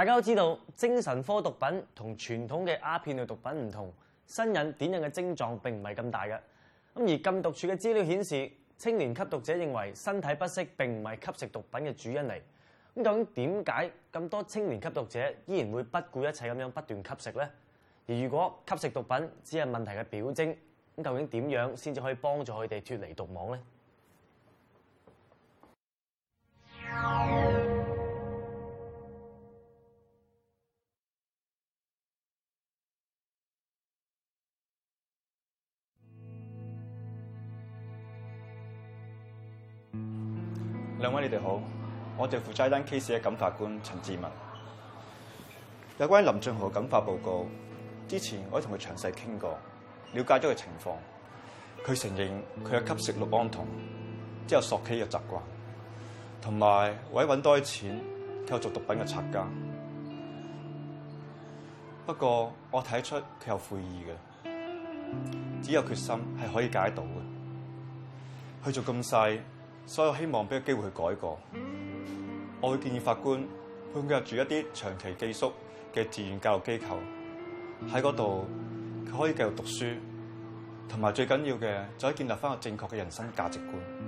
大家都知道，精神科毒品同傳統嘅鴉片類毒品唔同，身癮、典癮嘅症狀並唔係咁大嘅。咁而禁毒處嘅資料顯示，青年吸毒者認為身體不適並唔係吸食毒品嘅主因嚟。咁究竟點解咁多青年吸毒者依然會不顧一切咁樣不斷吸食咧？而如果吸食毒品只係問題嘅表徵，咁究竟點樣先至可以幫助佢哋脫離毒網咧？ 兩位你哋好，我哋負責單 case 嘅感化官陳志文。有關林俊豪嘅感化報告，之前我同佢詳細傾過，了解咗佢情況。佢承認佢有吸食氯胺酮，即係索 K 嘅習慣，同埋為咗揾多啲錢，佢有做毒品嘅拆家。不過我睇出佢有悔意嘅，只有決心係可以解到嘅。去做咁細。所以我希望俾個機會去改過，我會建議法官判佢入住一啲長期寄宿嘅自願教育機構，喺嗰度，佢可以繼續讀書，同埋最緊要嘅就可以建立翻個正確嘅人生價值觀。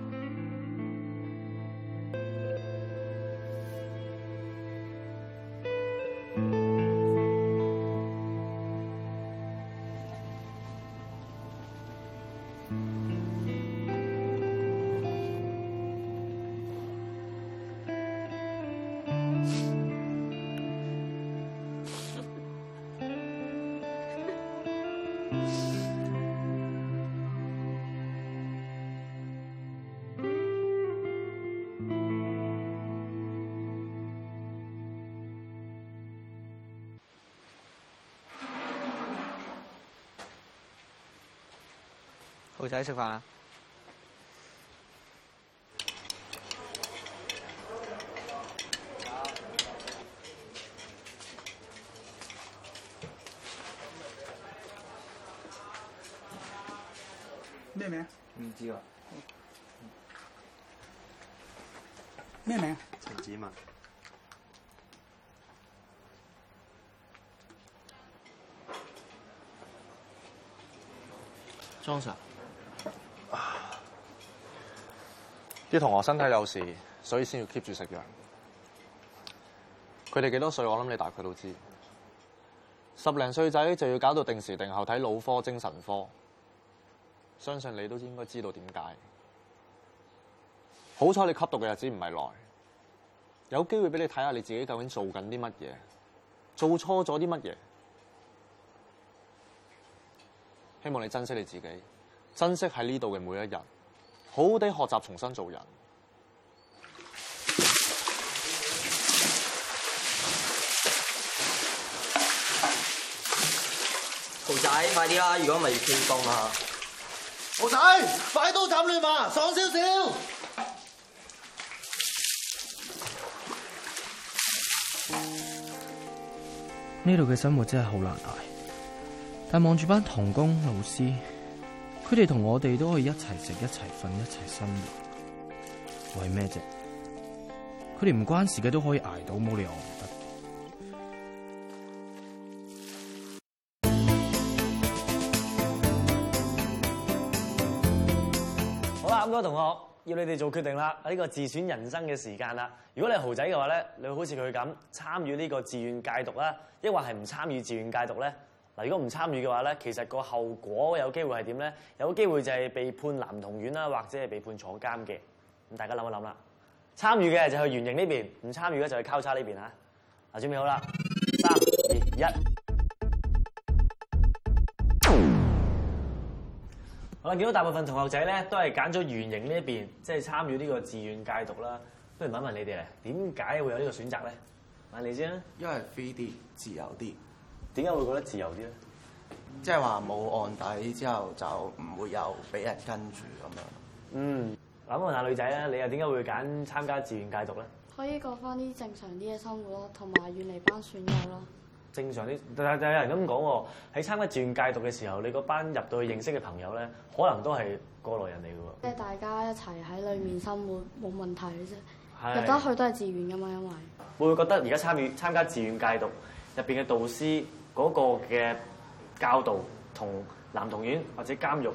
陪仔食飯啊！咩名明？唔知喎。咩名？陳子文。裝傻。啲同學身體有事，所以先要 keep 住食藥。佢哋幾多歲？我諗你大概都知。十零歲仔就要搞到定時定候睇腦科、精神科，相信你都應該知道點解。好彩你吸毒嘅日子唔係耐，有機會俾你睇下你自己究竟做緊啲乜嘢，做錯咗啲乜嘢。希望你珍惜你自己，珍惜喺呢度嘅每一日。好好地學習重新做人。兔仔，快啲啦！如果唔係要天光啦。兔仔，快刀斬亂麻，爽少少。呢度嘅生活真係好難捱，但望住班童工老師。佢哋同我哋都可以一齊食、一齊瞓、一齊生活，為咩啫？佢哋唔關事嘅都可以捱到，冇理由唔得。好啦，咁多位同學要你哋做決定啦，喺呢個自選人生嘅時間啦。如果你係豪仔嘅話咧，你好似佢咁參與呢個自願戒毒啦，抑或係唔參與自願戒毒咧？如果唔參與嘅話咧，其實個後果有機會係點咧？有機會就係被判男童院啦，或者係被判坐監嘅。咁大家諗一諗啦。參與嘅就去圓形呢邊，唔參與嘅就去交叉呢邊啊。啊，準備好啦！三二一。好啦，見到大部分同學仔咧都係揀咗圓形呢邊，即係參與呢個自願戒毒啦。不如問一問你哋啊，點解會有呢個選擇咧？問你先啦。因為 3D 自由啲。點解會覺得自由啲咧？即係話冇案底之後，就唔會有俾人跟住咁樣。嗯，咁問下女仔啊，你又點解會揀參加自願戒毒咧？可以過翻啲正常啲嘅生活咯，同埋遠離班損友咯。正常啲，但有人咁講喎。喺參加自願戒毒嘅時候，你嗰班入到去認識嘅朋友咧，可能都係過來人嚟嘅喎。即係大家一齊喺裏面生活冇、嗯、問題嘅啫。係。入得去都係自願嘅嘛，因為會，會覺得而家參與參加自願戒毒入邊嘅導師。嗰個嘅教導同男童院或者監獄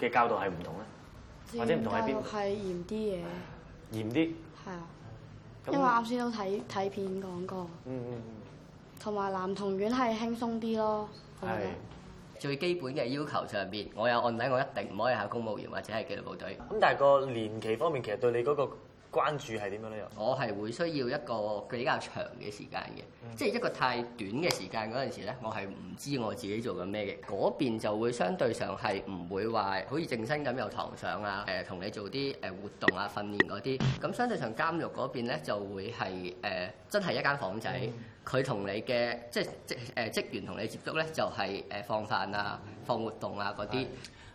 嘅教導係唔同咧，自然 或者唔同喺邊？係嚴啲嘢。嚴啲。係啊的，的因為啱先都睇睇片講過。嗯嗯，同埋男童院係輕鬆啲咯。係的，的最基本嘅要求上邊，我有案底，我一定唔可以考公務員或者係紀律部隊。咁但係個年期方面，其實對你嗰、那個。關注係點樣呢？又我係會需要一個比較長嘅時間嘅，嗯、即係一個太短嘅時間嗰陣時咧，我係唔知我自己做緊咩嘅。嗰邊就會相對上係唔會話好似正生咁有堂上啊，誒、呃、同你做啲誒活動啊、訓練嗰啲。咁相對上監獄嗰邊咧就會係誒、呃、真係一間房仔，佢同、嗯、你嘅即係誒職員同你接觸咧就係、是、誒放飯啊、嗯、放活動啊嗰啲。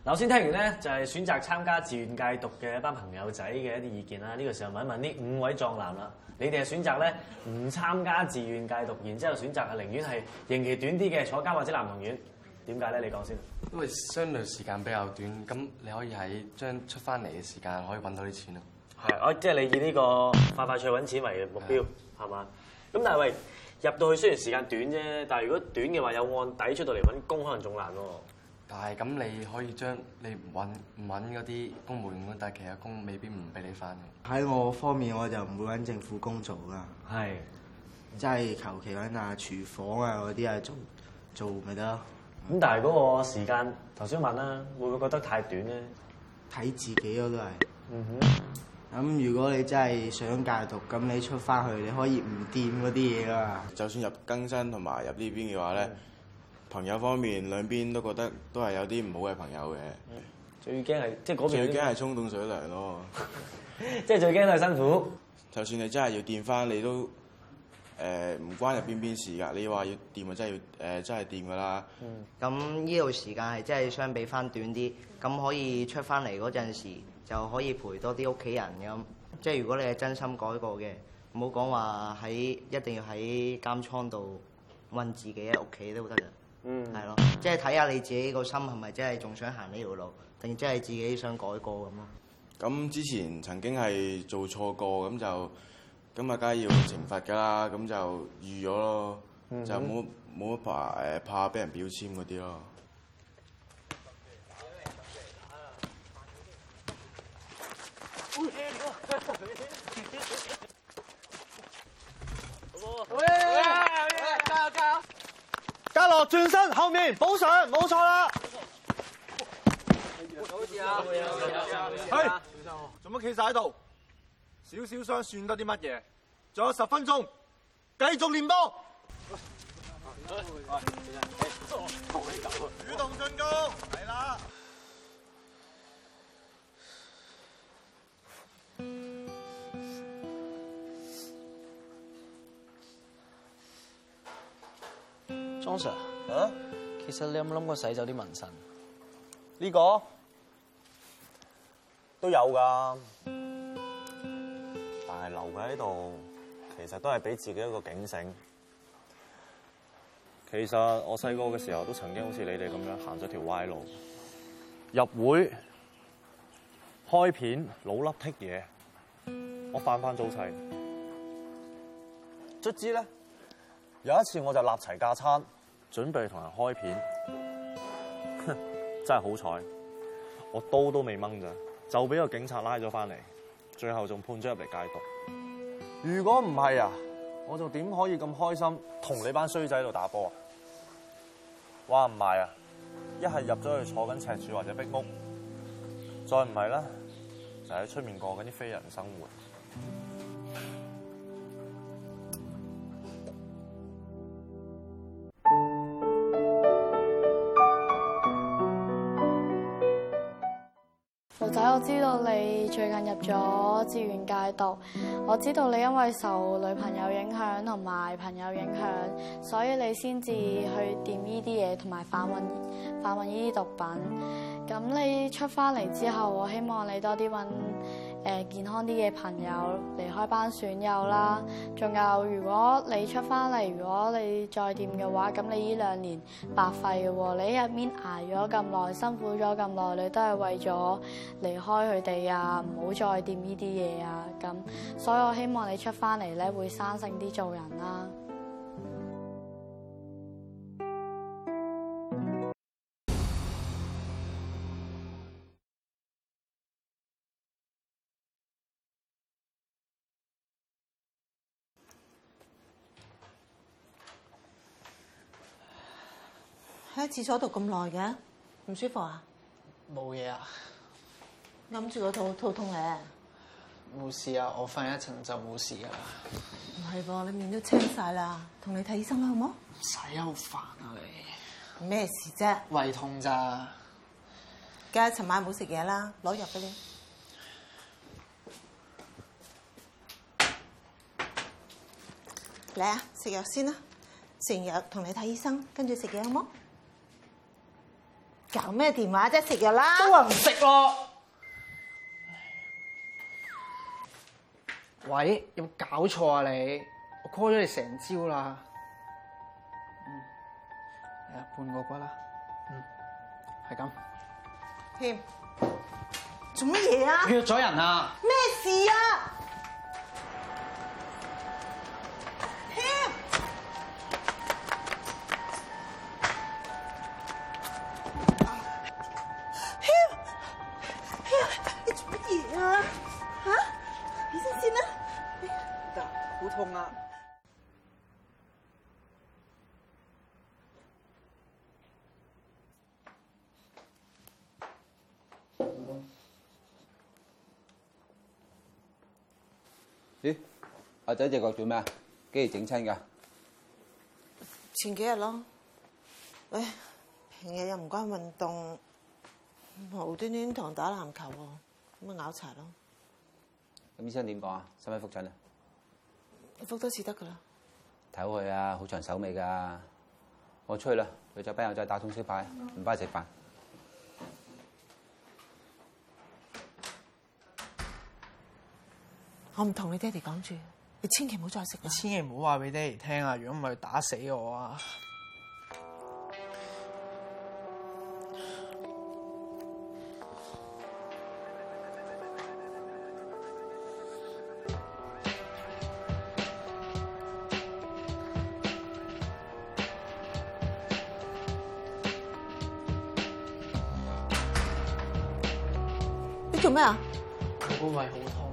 首先聽完咧，就係選擇參加自願戒毒嘅一班朋友仔嘅一啲意見啦。呢個時候問一問呢五位壯男啦，你哋係選擇咧唔參加自願戒毒，然之後選擇係寧願係刑期短啲嘅坐監或者男童院，點解咧？你講先。因為相對時間比較短，咁你可以喺將出翻嚟嘅時間可以揾到啲錢咯。係，我即係你以呢個快快脆揾錢為目標，係嘛對？咁但係喂，入到去雖然時間短啫，但係如果短嘅話，有案底出到嚟揾工可能仲難喎。但係咁，你可以將你揾唔揾嗰啲公務員，但係其他工未必唔俾你翻嘅。喺我方面，我就唔會揾政府工做噶。係，即係求其揾啊，廚房啊嗰啲啊，做做咪得咯。咁但係嗰個時間，頭先、嗯、問啦，會唔會覺得太短咧？睇自己咯，都係。嗯哼。咁如果你真係想戒毒，咁你出翻去，你可以唔掂嗰啲嘢噶。就算入更生同埋入呢邊嘅話咧。嗯朋友方面，兩邊都覺得都係有啲唔好嘅朋友嘅、嗯。最驚係即係嗰邊最驚係衝動水涼咯、啊， 即係最驚係辛苦、嗯。就算你真係要掂翻，你都誒唔、呃、關入邊邊事㗎。你話要掂，啊、呃，真係要誒，真係掂㗎啦。咁呢度時間係真係相比翻短啲，咁可以出翻嚟嗰陣時就可以陪多啲屋企人咁。即係如果你係真心改過嘅，唔好講話喺一定要喺監倉度問自己喺屋企都得嘅。嗯，係咯，即係睇下你自己個心係咪真係仲想行呢條路，定即係自己想改過咁咯。咁之前曾經係做錯過，咁就咁啊，梗係要懲罰㗎啦，咁就預咗咯，就冇冇一排誒怕俾人標籤嗰啲咯。 轉身後面，補上冇錯啦。保持啊！去，做乜企曬喺度？小小傷算得啲乜嘢？仲有十分鐘，繼續練波。主動進攻，係啦。中射。啊！其實你有冇諗過洗走啲紋身？呢、這個都有㗎，但係留喺度，其實都係俾自己一個警醒。 其實我細個嘅時候都曾經好似你哋咁樣行咗條歪路，入會開片老粒剔嘢，我返返咗齊。卒 之呢，有一次我就立齊架撐，準備同人開片， 真係好彩，我刀都未掹咋，就俾個警察拉咗翻嚟，最後仲判咗入嚟戒毒。 如果唔係啊，我就點可以咁開心同你班衰仔喺度打波啊？話唔埋啊，一係入咗去坐緊赤柱或者壁屋，再唔係啦，就喺、是、出面過緊啲非人生活。知道你最近入咗自願戒毒，我知道你因為受女朋友影響同埋朋友影響，所以你先至去掂呢啲嘢同埋販運販運呢啲毒品。咁你出翻嚟之後，我希望你多啲搵。誒健康啲嘅朋友，離開班損友啦，仲有如果你出翻嚟，如果你再掂嘅話，咁你呢兩年白費喎！你入面捱咗咁耐，辛苦咗咁耐，你都係為咗離開佢哋啊，唔好再掂呢啲嘢啊！咁所以我希望你出翻嚟咧，會生性啲做人啦。廁所度咁耐嘅，唔舒服事啊？冇嘢啊，諗住個肚，肚痛咧，啊。冇事啊，我瞓一陣就冇事啦。唔係噃，你面都青晒啦，同你睇醫生啦，好唔好？唔使，啊，好煩啊，痛啊你！咩事啫？胃痛咋？梗係尋晚冇食嘢啦，攞藥俾你。嚟啊，食藥先啦，成日同你睇醫生，跟住食嘢好唔好？搞咩電話啫？食藥啦，都話唔食喎。喂，有冇搞錯啊？你我 call 咗你成朝啦。嗯，係啊，半個骨啦。嗯，係咁添，hey，做乜嘢啊？約咗人啊？咩事啊？阿仔隻腳做咩？幾時整親㗎？前幾日咯。喂，平日又唔關運動，無端端同人打籃球喎，咁咪拗柴咯。咁醫生點講啊？使唔使覆診啊？你覆多次得噶啦，睇好佢啊，好長手尾噶。我出去啦，去酒吧又再打通宵牌，唔翻去食飯。我唔同你爹哋講住，你千祈唔好再食啦。千祈唔好話俾爹哋聽啊，如果唔係打死我啊！做咩啊？我胃好痛。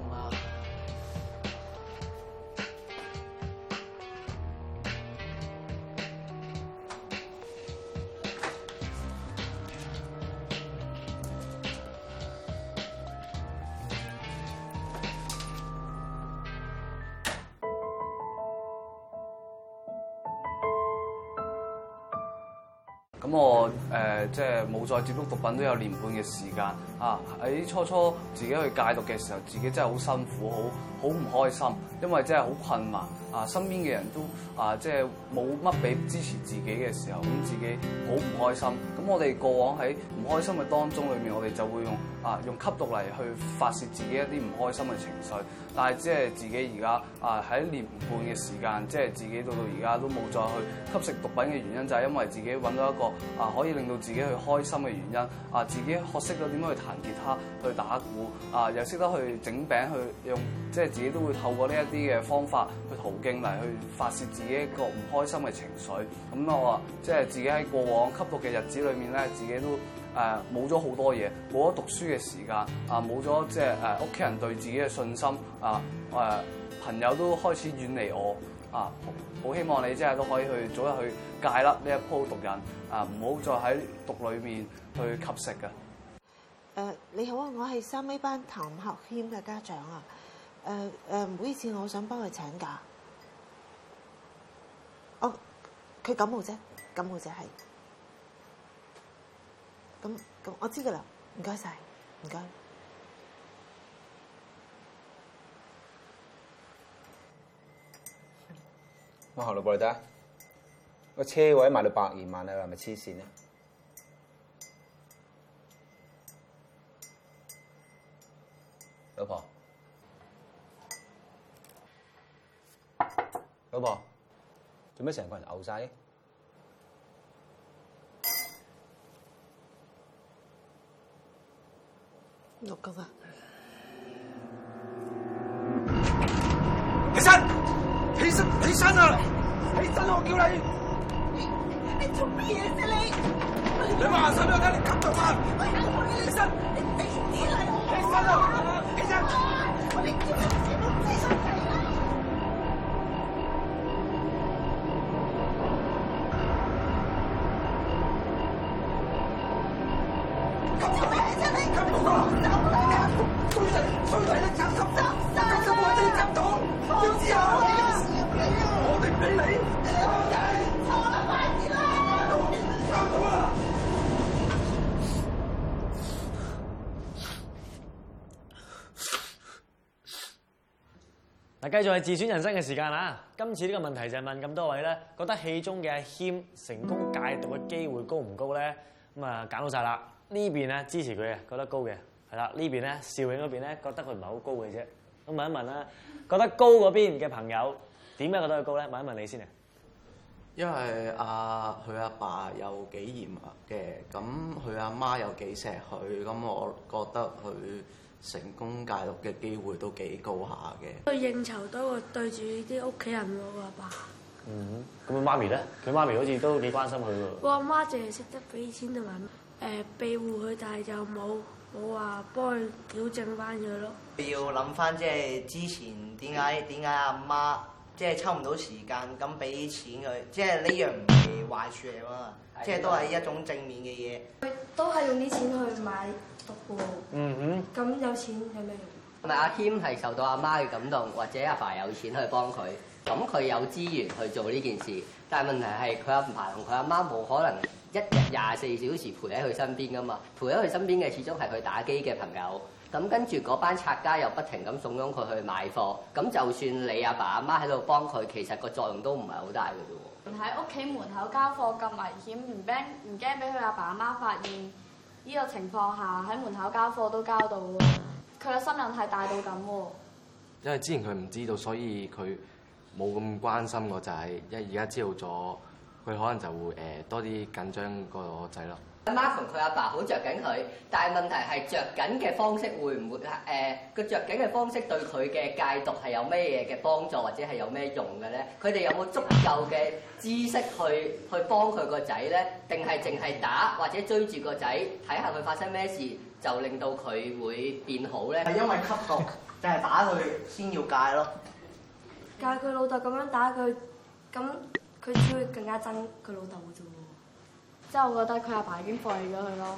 再接觸毒品都有年半嘅時間啊！喺、哎、初初自己去戒毒嘅時候，自己真係好辛苦，好～好唔開心，因為真係好困難啊！身邊嘅人都啊，即係冇乜俾支持自己嘅時候，咁、嗯、自己好唔開心。咁我哋過往喺唔開心嘅當中裏面，我哋就會用啊用吸毒嚟去發泄自己一啲唔開心嘅情緒，但係即係自己而家啊喺一年半嘅時間，即係自己到到而家都冇再去吸食毒品嘅原因，就係、是、因為自己揾到一個啊可以令到自己去開心嘅原因啊，自己學識咗點樣去彈吉他、去打鼓啊，又識得去整餅去用即自己都會透過呢一啲嘅方法，去途徑嚟去發泄自己一個唔開心嘅情緒。咁、嗯、我即係自己喺過往吸毒嘅日子裏面咧，自己都誒冇咗好多嘢，冇咗讀書嘅時間啊，冇咗即係誒屋企人對自己嘅信心啊，誒、呃，朋友都開始遠離我啊。好希望你即係都可以去早日去戒甩呢一鋪毒癮啊，唔好再喺毒裏面去吸食嘅。誒、呃、你好啊，我係三 A 班譚學謙嘅家長啊。唔、uh, uh, 好意思，我想幫佢請假，佢感冒啫，感冒啫係，咁咁、嗯嗯、我知噶啦，唔該晒，唔該、哦。我行路過嚟得，個車位賣到百二萬啊，係咪黐線咧？老婆。老婆，做咩成個人嘔晒？六哥啊！起身，起身，起身啊！起身，我叫你，你做咩嘢啫你？你話晒俾我聽，你吸毒啊！起身，你你死啦！起身啊！起身！啊起吸毒啊！收台，收台！你執心，執心！我哋執到，要之後我哋唔俾你。收啦，快啲啦！嗱，繼續係自選人生嘅時間啦。今次呢個問題就係問咁多位咧，覺得戲中嘅阿謙成功戒毒嘅機會高唔高咧？咁啊，揀好晒啦。呢邊咧支持佢嘅，覺得高嘅，係啦。呢邊咧，笑影嗰邊咧，覺得佢唔係好高嘅啫。咁問一問啦，覺得高嗰邊嘅朋友點解覺得佢高咧？問一問你先啊。因為阿佢阿爸有幾嚴嘅，咁佢阿媽有幾錫佢，咁我覺得佢成功戒毒嘅機會都幾高下嘅。佢應酬多過對住啲屋企人喎，阿爸，爸。嗯，咪嗯，咁佢媽咪咧？佢媽咪好似都幾關心佢喎。我阿媽淨係識得俾錢就揾。媽媽誒、呃、庇護佢，但係就冇冇話幫佢矯正翻佢咯。要諗翻即係之前點解點解阿媽即係抽唔到時間咁俾錢佢，即係呢樣唔係壞處嚟嘛，即係都係一種正面嘅嘢。佢都係用啲錢去買毒喎。嗯哼。咁有錢有咩用？唔係阿謙係受到阿媽嘅感動，或者阿爸有錢去幫佢，咁佢有資源去做呢件事。但係問題係佢阿爸同佢阿媽冇可能。一日廿四小時陪喺佢身邊噶嘛，陪喺佢身邊嘅始終係佢打機嘅朋友。咁跟住嗰班拆家又不停咁慫恿佢去買貨。咁就算你阿爸阿媽喺度幫佢，其實個作用都唔係好大嘅啫。喺屋企門口交貨咁危險，唔驚唔驚俾佢阿爸阿媽發現？呢個情況下喺門口交貨都交到喎，佢嘅心量係大到咁喎。因為之前佢唔知道，所以佢冇咁關心個仔。因為而家知道咗。佢可能就會誒、呃、多啲緊張個仔咯。阿媽同佢阿爸好着緊佢，但係問題係着緊嘅方式會唔會誒、個、呃、著緊嘅方式對佢嘅戒毒係有咩嘢嘅幫助或者係有咩用嘅咧？佢哋有冇足夠嘅知識去去幫佢個仔咧？定係淨係打或者追住個仔睇下佢發生咩事就令到佢會變好咧？係因為吸毒定係 打佢先要戒咯？戒佢老豆咁樣打佢咁。佢只會更加憎佢老豆嘅啫喎，即係我覺得佢阿爸已經放棄咗佢咯，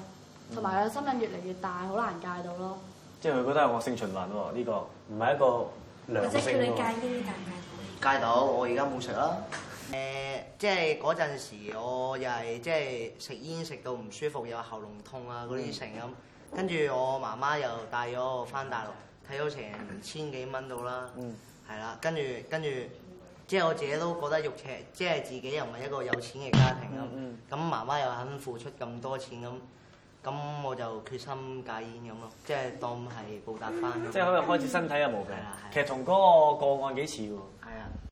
同埋個心癮越嚟越大，好難戒到咯。即係佢覺得係我性循環喎，呢、嗯，這個唔係一個良性即叫你戒煙，戒唔戒到？戒到、嗯，我而家冇食啦。誒、呃，即係嗰陣時，我又係即係食煙食到唔舒服，又喉嚨痛啊嗰啲成咁，跟住我媽媽又帶咗我翻大陸，睇咗成千幾蚊到啦。嗯。係啦，跟住跟住。跟即係我自己都覺得肉赤，即係自己又唔係一個有錢嘅家庭咁，咁媽媽又肯付出咁多錢咁，咁我就決心戒煙咁咯，即係當係報答翻、那個嗯。即係可能開始身體又冇病，啊啊、其實同嗰個個案幾似喎。係啊。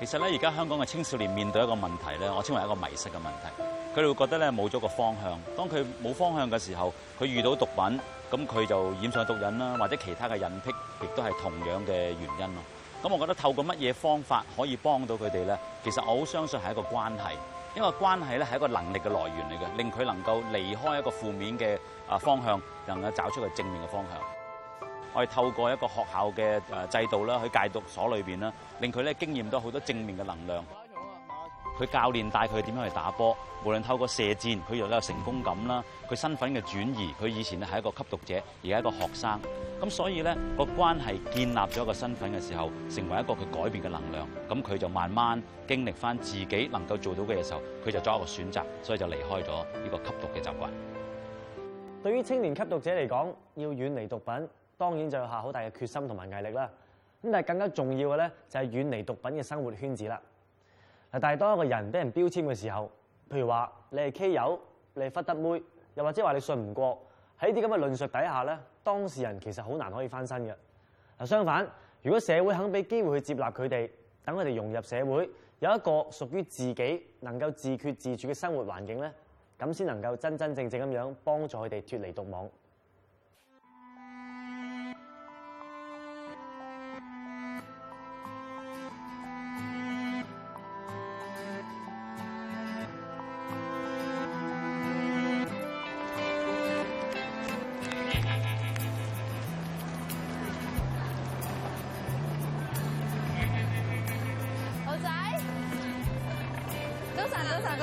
其實咧，而家香港嘅青少年面對一個問題咧，我稱為一個迷失嘅問題。佢哋會覺得咧冇咗個方向。當佢冇方向嘅時候，佢遇到毒品，咁佢就染上毒癮啦，或者其他嘅引癖，亦都係同樣嘅原因咯。咁我覺得透過乜嘢方法可以幫到佢哋咧？其實我好相信係一個關係，因為關係咧係一個能力嘅來源嚟嘅，令佢能夠離開一個負面嘅啊方向，能夠找出個正面嘅方向。我透過一個學校嘅誒制度啦，去戒毒所裏邊啦，令佢咧經驗到好多正面嘅能量。佢教練帶佢點樣去打波，無論透過射箭，佢又有成功感啦。佢身份嘅轉移，佢以前咧係一個吸毒者，而家一個學生。咁所以咧個關係建立咗一個身份嘅時候，成為一個佢改變嘅能量。咁佢就慢慢經歷翻自己能夠做到嘅嘢時候，佢就作一個選擇，所以就離開咗呢個吸毒嘅習慣。對於青年吸毒者嚟講，要遠離毒品。當然就要下好大嘅決心同埋毅力啦。咁但係更加重要嘅咧，就係遠離毒品嘅生活圈子啦。但係當一個人俾人標籤嘅時候，譬如話你係 K 友，你係忽得妹，又或者話你信唔過，喺啲咁嘅論述底下咧，當事人其實好難可以翻身嘅。嗱，相反，如果社會肯俾機會去接納佢哋，等佢哋融入社會，有一個屬於自己能夠自決自主嘅生活環境咧，咁先能夠真真正正咁樣幫助佢哋脫離毒網。